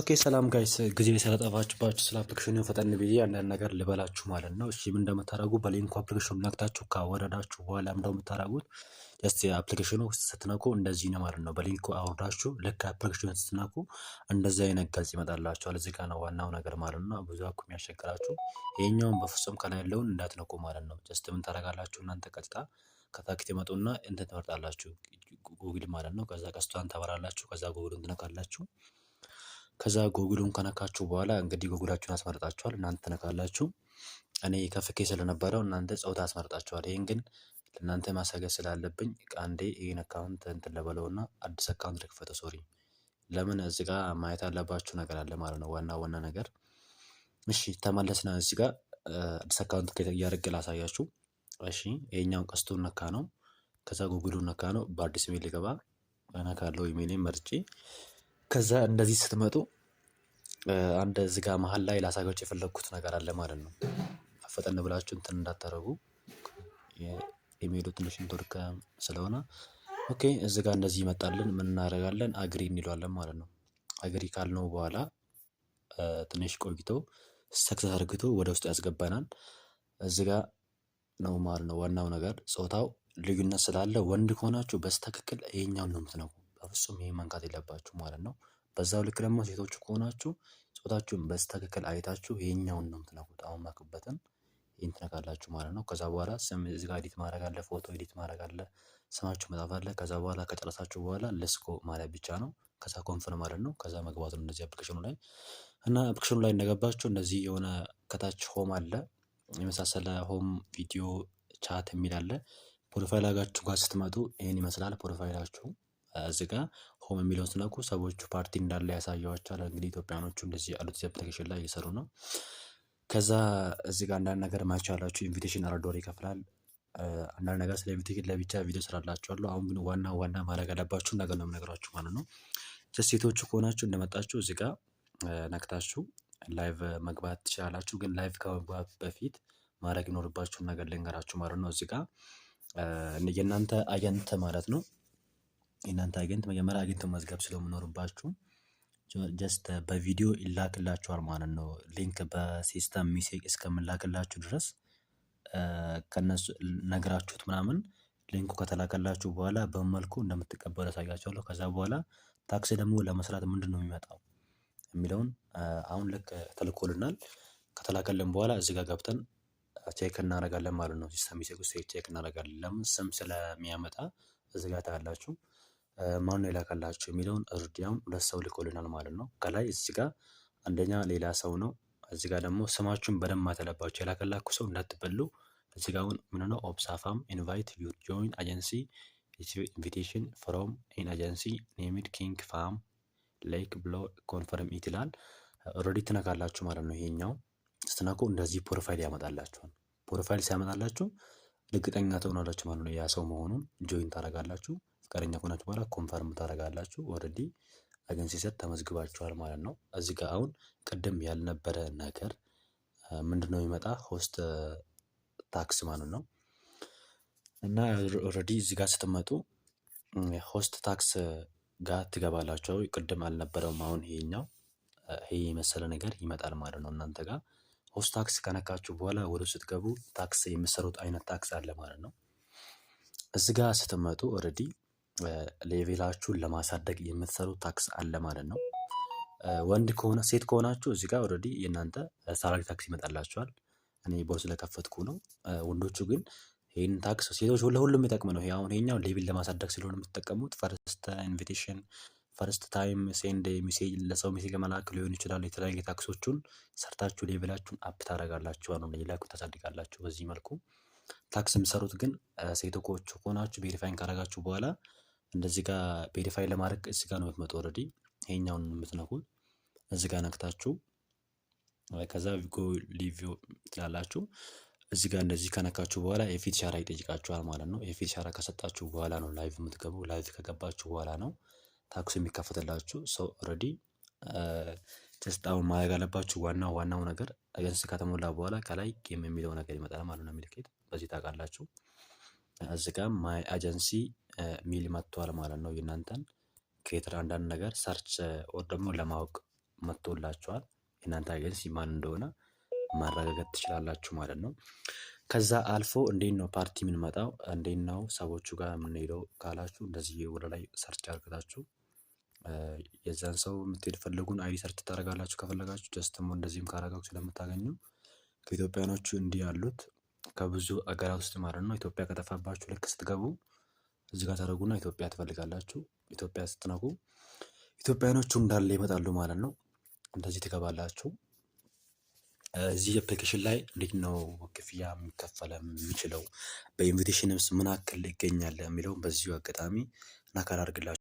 ኦኬ ሰላም ጋይስ ጊዜ ስለጠፋችባችሁ ስለ አፕሊኬሽኑ ፈጠን ብዬ አንዳንድ ነገር ልበላችሁ ማለት ነው። እሺ ምን እንደምታደርጉ በሊንኩ አፕሊኬሽኑ ነክታችሁ ካወረዳችሁ በኋላ እንደምታደርጉት ስ አፕሊኬሽኑ ስትነኩ እንደዚህ ነው ማለት ነው። በሊንኩ አውርዳችሁ ልክ አፕሊኬሽኑ ስትነኩ እንደዚህ አይነት ገጽ ይመጣላችኋል። እዚህ ጋር ነው ዋናው ነገር ማለት ነው። ብዙ አኩ ያስቸግራችሁ ይሄኛውን በፍጹም ከላይ ያለውን እንዳትነኩ ማለት ነው። ጀስት ምን ታደርጋላችሁ እናንተ ቀጥታ ከታክት ይመጡና እንትን ትመርጣላችሁ ጉግል ማለት ነው። ከዛ ቀስቷን ታበራላችሁ። ከዛ ጉግሉን ትነካላችሁ ከዛ ጎግሉን ከነካችሁ በኋላ እንግዲህ ጎግላችሁን አስመርጣችኋል እናንተ ትነካላችሁ። እኔ ከፍኬ ስለነበረው እናንተ ጾታ አስመርጣችኋል። ይህን ግን ለእናንተ ማሳገዝ ስላለብኝ አንዴ ይህን አካውንት እንትን ልበለውና አዲስ አካውንት ልክፈተው። ሶሪ ለምን እዚህ ጋር ማየት አለባችሁ ነገር አለ ማለት ነው። ዋና ዋና ነገር እሺ፣ ተመለስና እዚህ ጋር አዲስ አካውንት እያደረገ ላሳያችሁ። እሺ፣ ይሄኛውን ቀስቱን ነካ ነው። ከዛ ጎግሉን ነካ ነው። በአዲስ ኢሜል ልገባ ነካለው። ኢሜሌን መርጬ ከዛ እንደዚህ ስትመጡ አንድ ዝጋ መሀል ላይ ላሳያችሁ የፈለግኩት ነገር አለ ማለት ነው። ፈጠን ብላችሁ እንትን እንዳታረጉ የሚሄዱ ትንሽ ኔትወርክ ስለሆነ ኦኬ። እዚ ጋር እንደዚህ ይመጣልን። ምን እናደርጋለን? አግሪ እንለዋለን ማለት ነው። አግሪ ካልነው በኋላ ትንሽ ቆይቶ ሰክሰስ አድርግቶ ወደ ውስጥ ያስገባናል። እዚ ጋር ነው ማለት ነው። ዋናው ነገር ጾታው ልዩነት ስላለ ወንድ ከሆናችሁ በስተክክል ይሄኛውን ነው የምትነኩ በፍጹም ይሄ መንካት የለባችሁ ማለት ነው። በዛው ልክ ደግሞ ሴቶች ከሆናችሁ ጾታችሁን በስተክክል አይታችሁ ይሄኛውን ነው የምትነኩት። አሁን ማክበትን ይህን ትነካላችሁ ማለት ነው። ከዛ በኋላ ስም እዚህ ጋር ኤዲት ማድረግ አለ፣ ፎቶ ኤዲት ማድረግ አለ፣ ስማችሁ መጻፍ አለ። ከዛ በኋላ ከጨረሳችሁ በኋላ ለስኮ ማለት ብቻ ነው። ከዛ ኮንፍር ማለት ነው። ከዛ መግባት ነው እነዚህ አፕሊኬሽኑ ላይ እና አፕሊኬሽኑ ላይ እንደገባችሁ እነዚህ የሆነ ከታች ሆም አለ የመሳሰለ ሆም ቪዲዮ ቻት የሚል አለ። ፕሮፋይል አጋችሁ ጋር ስትመጡ ይህን ይመስላል ፕሮፋይላችሁ እዚህ ጋር ሆም የሚለውን ስነኩ ሰዎቹ ፓርቲ እንዳለ ያሳያቸዋል። እንግዲህ ኢትዮጵያኖቹ እንደዚህ ያሉት ዘፕሊኬሽን ላይ እየሰሩ ነው። ከዛ እዚ ጋ አንዳንድ ነገር ማይቻላችሁ ኢንቪቴሽን አራት ዶላር ይከፍላል። አንዳንድ ነገር ስለ ኢንቪቴሽን ለብቻ ቪዲዮ ስራላችኋለሁ። አሁን ግን ዋና ዋና ማድረግ ያለባችሁ ነገር ነው የምነግራችሁ ማለት ነው። ሴቶቹ ከሆናችሁ እንደመጣችሁ እዚ ጋ ነክታችሁ ላይቭ መግባት ትችላላችሁ። ግን ላይቭ ከመግባት በፊት ማድረግ ይኖርባችሁን ነገር ልንገራችሁ ማለት ነው። እዚ ጋ የእናንተ አጀንት ማለት ነው የእናንተ አገንት መጀመሪያ አግኝተው መዝገብ ስለምኖርባችሁ ጀስት በቪዲዮ ይላክላችኋል ማለት ነው። ሊንክ በሲስተም ሚሴጅ እስከምላክላችሁ ድረስ ከነሱ ነግራችሁት ምናምን ሊንኩ ከተላከላችሁ በኋላ በመልኩ እንደምትቀበሉ ያሳያቸዋለሁ። ከዛ በኋላ ታክሲ ደግሞ ለመስራት ምንድን ነው የሚመጣው የሚለውን አሁን ልክ ተልኮልናል። ከተላከልን በኋላ እዚህ ጋር ገብተን ቼክ እናደርጋለን ማለት ነው። ሲስተም ሚሴጅ ቼክ እናደርጋለን። ለምን ስም ስለሚያመጣ እዚህ ጋር ታያላችሁ። ማነው የላከላችሁ የሚለውን እርዲያም ሁለት ሰው ልኮልናል ማለት ነው። ከላይ እዚ ጋ አንደኛ ሌላ ሰው ነው። እዚ ጋ ደግሞ ስማችሁን በደንብ ማተለባችሁ የላከላኩ ሰው እንዳትበሉ። እዚ ጋ አሁን ምን ነው ኦብሳፋም ኢንቫይት ዩ ጆይን አጀንሲ ኢንቪቴሽን ፍሮም ኢን አጀንሲ ኔሚድ ኪንግ ፋም ሌክ ብሎ ኮንፈርም ኢት ይላል። ኦልሬዲ ትነካላችሁ ማለት ነው። ይሄኛው ስትነኩ እንደዚህ ፕሮፋይል ያመጣላችኋል። ፕሮፋይል ሲያመጣላችሁ እርግጠኛ ትሆናላችሁ ማለት ነው ያ ሰው መሆኑን ጆይን ታደርጋላችሁ። ፈቃደኛ ከሆናችሁ በኋላ ኮንፈርም ታደርጋላችሁ። ኦልሬዲ አገንሲ ሰት ተመዝግባችኋል ማለት ነው። እዚህ ጋር አሁን ቅድም ያልነበረ ነገር ምንድን ነው የሚመጣ ሆስት ታክስ ማለት ነው። እና ኦልሬዲ እዚህ ጋር ስትመጡ ሆስት ታክስ ጋር ትገባላቸው። ቅድም አልነበረውም። አሁን ይሄኛው ይሄ የመሰለ ነገር ይመጣል ማለት ነው እናንተ ጋር ሆስት ታክስ ከነካችሁ በኋላ ወደ ስትገቡ ታክስ የምሰሩት አይነት ታክስ አለ ማለት ነው። እዚህ ጋር ስትመጡ ኦልሬዲ ሌቬላችሁን ለማሳደግ የምትሰሩ ታክስ አለ ማለት ነው። ወንድ ከሆነ ሴት ከሆናችሁ እዚህ ጋር ኦልሬዲ የእናንተ ሳላሪ ታክስ ይመጣላችኋል። እኔ ቦር ስለከፈትኩ ነው። ወንዶቹ ግን ይህን ታክስ ሴቶች ለሁሉም የጠቅም ነው። አሁን ይሄኛው ሌቪል ለማሳደግ ስለሆነ የምትጠቀሙት ፈርስት ኢንቪቴሽን፣ ፈርስት ታይም ሴንድ ሚሴጅ ለሰው ሚሴጅ መላክ ሊሆን ይችላል። የተለያየ ታክሶቹን ሰርታችሁ ሌቪላችሁን አፕ ታደርጋላችሁ ነው ሌላችሁ ታሳድጋላችሁ። በዚህ መልኩ ታክስ የምሰሩት ግን ሴቶች ከሆናችሁ ቬሪፋይን ካደረጋችሁ በኋላ እንደዚህ ጋር ቬሪፋይ ለማድረግ እዚህ ጋር ነው የምትመጡ። ኦልሬዲ ይሄኛውን የምትነኩ እዚህ ጋር ነክታችሁ ከዛ ጎ ሊቪዮ ትላላችሁ። እዚህ ጋር እንደዚህ ከነካችሁ በኋላ የፊት ሻራ ይጠይቃችኋል ማለት ነው። የፊት ሻራ ከሰጣችሁ በኋላ ነው ላይቭ የምትገቡ። ላይቭ ከገባችሁ በኋላ ነው ታክሱ የሚከፈትላችሁ። ሰው ኦልሬዲ ጀስት ማድረግ አለባችሁ። ዋናው ዋናው ነገር አገንስ ከተሞላ በኋላ ከላይ ጌም የሚለው ነገር ይመጣል ማለት ነው። ሚልኬት በዚህ ታውቃላችሁ። እዚህ ማይ አጀንሲ ሚል መጥቷል ማለት ነው። የእናንተን ክሬተር አንዳንድ ነገር ሰርች ወር ደግሞ ለማወቅ መጥቶላችኋል። የእናንተ አጀንሲ ማን እንደሆነ ማረጋገጥ ትችላላችሁ ማለት ነው። ከዛ አልፎ እንዴት ነው ፓርቲ የምንመጣው? እንዴት ነው ሰዎቹ ጋር የምንሄደው ካላችሁ እንደዚህ ወደ ላይ ሰርች አርገታችሁ የዛን ሰው የምትሄድ ፈልጉን አይዲ ሰርች ታደርጋላችሁ። ከፈለጋችሁ ደስትሞ እንደዚህም ካረጋችሁ ስለምታገኙ ከኢትዮጵያኖቹ እንዲህ ያሉት ከብዙ አገራት ውስጥ ማለት ነው። ኢትዮጵያ ከጠፋባችሁ ልክ ስትገቡ እዚህ ጋር ታደርጉና ኢትዮጵያ ትፈልጋላችሁ። ኢትዮጵያ ስትነኩ ኢትዮጵያኖቹ እንዳለ ይመጣሉ ማለት ነው። እንደዚህ ትገባላችሁ። እዚህ አፕሊኬሽን ላይ እንዴት ነው ክፍያ የሚከፈለ የሚችለው በኢንቪቴሽንስ ምን አክል ይገኛል የሚለውን በዚሁ አጋጣሚ ናካል አድርግላችሁ